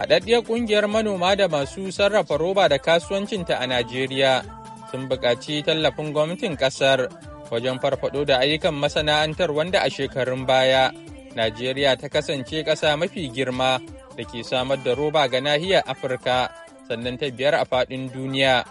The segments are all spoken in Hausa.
Haɗaɗɗiyar ƙungiyar manoma da masu sarrafa roba da kasuwancinta a Najeriya sun buƙaci tallafin gwamnatin ƙasar wajen farfaɗo da ayyukan masana'antar wanda a shekarun baya Najeriya ta kasance ƙasa mafi girma da ke samar da roba ga nahiyar Afirka sannan ta biyar a faɗin duniya.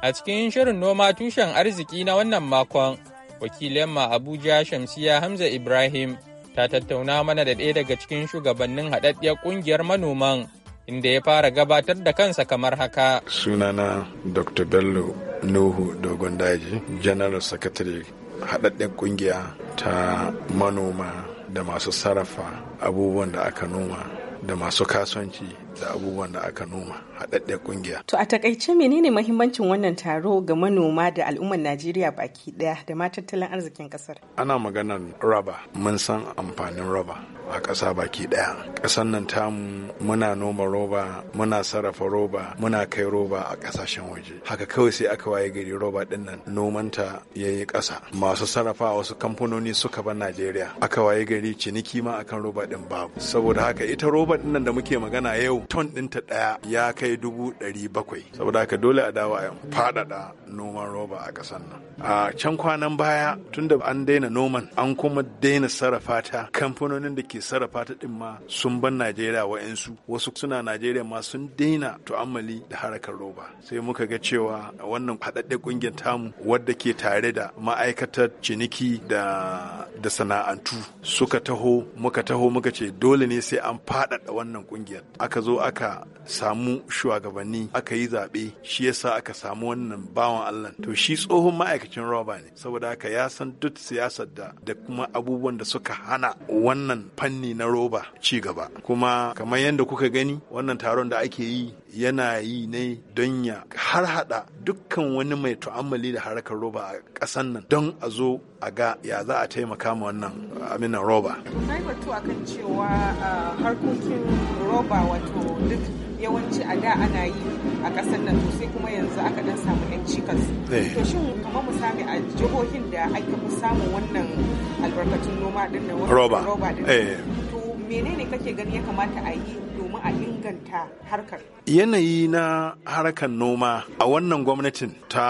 A cikin shirin noma tushen arziki na wannan makon, wakilin ma Abuja Shamsiya Hamza Ibrahim ta tattauna mana da ɗaya daga cikin shugabannin haɗaɗɗiyar ƙungiyar manoman inda ya fara gabatar da kansa kamar haka. Sunana Dr. Bello Nuhu Dogon Daji, General Secretary haɗaɗɗen ƙungiya ta manoma da masu sarrafa abubuwan da aka noma da masu kasuwanci da abubuwan da aka noma haɗaɗɗe kungiya. To a takaice menene mahimmancin wannan taro ga manoma da al'ummar Najeriya baki ɗaya da ma tattalin arzikin ƙasar? Ana maganar raba mun san amfanin raba a ƙasa baki ɗaya. Ƙasar nan tamu muna noma roba muna sarrafa roba muna kai roba a ƙasashen waje. Haka kawai sai aka waye gari roba ɗin nan nomanta ya yi ƙasa. Masu sarrafa wasu kamfanoni suka bar Najeriya. Aka waye gari ciniki ma akan roba ɗin babu. Saboda haka ita roba ɗin nan da muke magana yau ton ta ɗaya ya kai dubu ɗari bakwai saboda haka dole a dawo a faɗaɗa noman roba a ƙasar nan a can kwanan baya tun da an daina noman an kuma daina sarrafa ta kamfanonin da ke sarrafa ta ɗin ma sun ban najeriya wa'insu wasu suna najeriya ma sun daina tu'ammali da harkar roba sai muka ga cewa wannan haɗaɗɗe ƙungiyar tamu wadda ke tare da ma'aikatar ciniki da da sana'antu suka taho muka taho muka ce dole ne sai an faɗaɗa wannan ƙungiyar aka zo zo aka samu shugabanni aka yi zaɓe shi yasa aka samu wannan bawan Allah to shi tsohon ma'aikacin roba ne saboda haka ya san duk siyasar da da kuma abubuwan da suka hana wannan fanni na roba ci gaba kuma kamar yadda kuka gani wannan taron da ake yi yana yi ne don ya har hada dukkan wani mai tu'ammali da harkar roba a ƙasan nan don a zo a ga ya za a taimaka ma wannan aminan roba. yi batu akan cewa ah, harkokin roba wato to duk yawanci a da ana yi a ƙasar nan to sai kuma yanzu aka dan samu yan cikas eh. to shin kamar misali a jihohin da ake fi samun wannan albarkatun noma din nan roba roba din eh. to menene kake gani ya kamata a yi domin a inganta harkar yanayi na harkar noma a wannan gwamnatin ta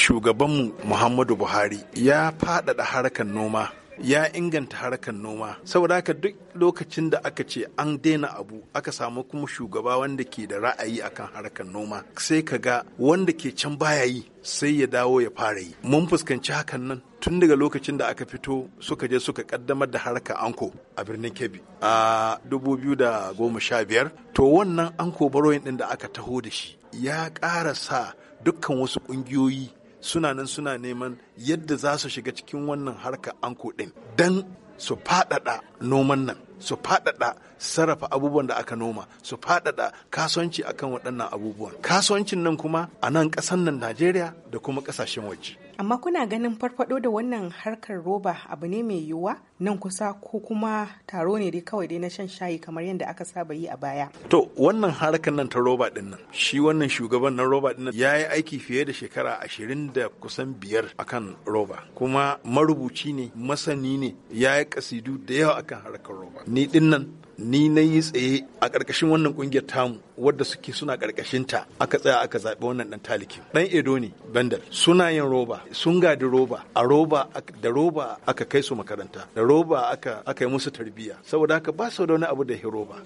shugabanmu muhammadu buhari ya faɗaɗa harkar noma ya inganta harkar noma saboda haka duk lokacin da aka ce an daina abu aka samu kuma shugaba wanda ke da ra'ayi akan harkar noma sai ka ga wanda ke can baya yi sai ya dawo ya fara yi mun fuskanci hakan nan tun daga lokacin da aka fito suka je suka kaddamar da harkar anko a birnin kebbi a 2015 to wannan anko baroyin din da aka taho da shi ya ƙara sa dukkan wasu ƙungiyoyi suna nan suna neman yadda za su shiga cikin wannan harka anko ɗin don su faɗaɗa noman nan su faɗaɗa sarrafa abubuwan da aka noma su faɗaɗa kasuwanci akan waɗannan abubuwan kasuwancin nan kuma a nan ƙasan nan najeriya da kuma ƙasashen waje amma kuna ganin farfado da wannan harkar roba abu ne mai yiwuwa nan kusa ko kuma taro ne dai kawai dai na shan shayi kamar yadda aka saba yi a baya. To wannan harkar nan ta roba din shi wannan shugaban na roba dinnan. nan ya yi aiki fiye da shekara ashirin da kusan biyar akan roba kuma marubuci ne masani ne ya yi kasidu da yawa akan harkar roba. Ni din ni na yi tsaye a ƙarƙashin wannan ƙungiyar tamu wadda suke suna ƙarƙashin ta aka tsaya aka zaɓi wannan ɗan talikin ɗan edo ne Bandar. suna yin roba sun gadi roba a roba da roba aka kai su makaranta da roba aka aka yi musu tarbiyya saboda haka ba su da wani abu da ya roba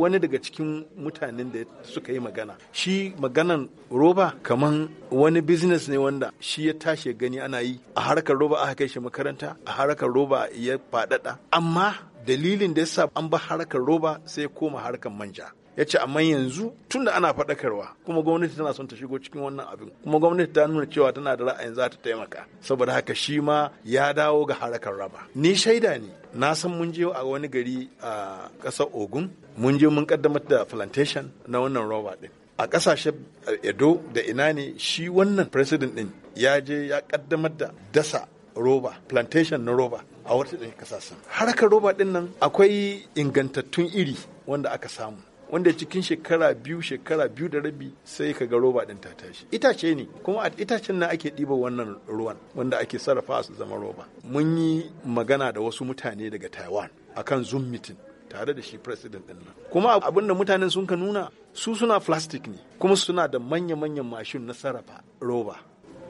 wani daga cikin mutanen da suka yi magana shi maganan roba kaman wani business ne wanda shi ya tashi gani ana yi a harkar roba aka kai shi makaranta a harkar roba ya faɗaɗa amma dalilin da ya sa an ba harkar roba sai ya koma harkar manja ya ce amma yanzu tun da ana faɗakarwa kuma gwamnati tana son ta shigo cikin wannan abin kuma gwamnati ta nuna cewa tana da ra'ayin za ta taimaka saboda haka shi ma ya dawo ga harakar raba ni shaida ne na san mun je a wani gari a ƙasar ogun mun je mun kaddamar da plantation na wannan roba din a ƙasashe edo da ina ne shi wannan president din ya je ya kaddamar da dasa roba plantation na roba a wata ƙasashen harakar roba din nan akwai ingantattun iri wanda aka samu wanda cikin shekara biyu shekara biyu da rabi sai ka ga roba din ta tashi itace ne kuma a itacen nan ake ɗiba wannan ruwan wanda ake sarrafa su zama roba mun yi magana da wasu mutane daga taiwan akan zoom meeting tare da shi president din nan kuma abin da mutanen sun ka nuna su suna plastic ne kuma suna da manya-manyan mashin na sarrafa roba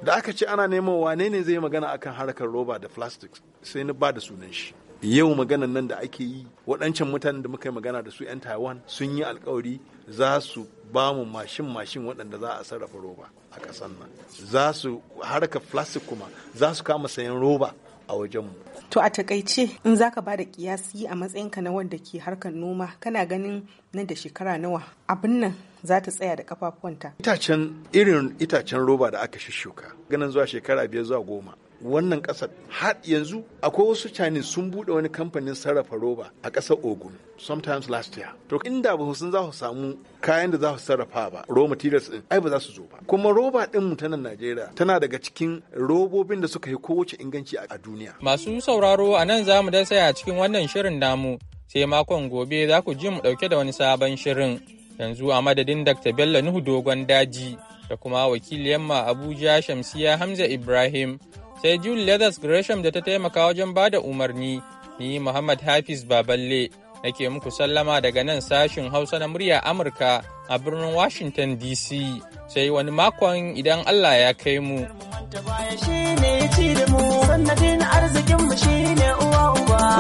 da aka ce ana neman wane ne zai magana akan harkar roba da plastic sai na ba da sunan shi yau maganan nan da ake yi waɗancan mutanen da muka yi magana da su 'yan taiwan sun yi alkawari za su ba mu mashin mashin waɗanda za a sarrafa roba a ƙasar nan za su haraka plastic kuma za su kama sayan roba a wajen mu to a takaice in za ka bada kiyasi a matsayinka na wanda ke harkar noma kana ganin nan da shekara nawa abin nan za ta tsaya da kafafuwanta itacen irin itacen roba da aka shushuka ganin zuwa shekara biyar zuwa goma wannan kasar har yanzu akwai wasu chinese sun bude wani kamfanin sarrafa roba a kasar ogun sometimes last year to inda ba sun za su samu kayan da za su sarrafa ba raw materials din ai ba za su zo ba kuma roba din mu ta nan Najeriya tana daga cikin robobin da suka yi kowace inganci a duniya masu sauraro a nan za mu da saya cikin wannan shirin namu sai makon gobe za ku ji mu dauke da wani sabon shirin yanzu a madadin Dr. Bello Nuhu Dogon Daji da kuma wakili yamma Abuja Shamsiya Hamza Ibrahim sai Jude Leathers Gresham da ta taimaka wajen ba da umarni, ni Muhammad Hafiz Baballe nake muku sallama daga nan sashin Hausa na murya Amurka a birnin Washington DC, sai wani makon idan Allah ya kai mu. arzikinmu shine uwa uba.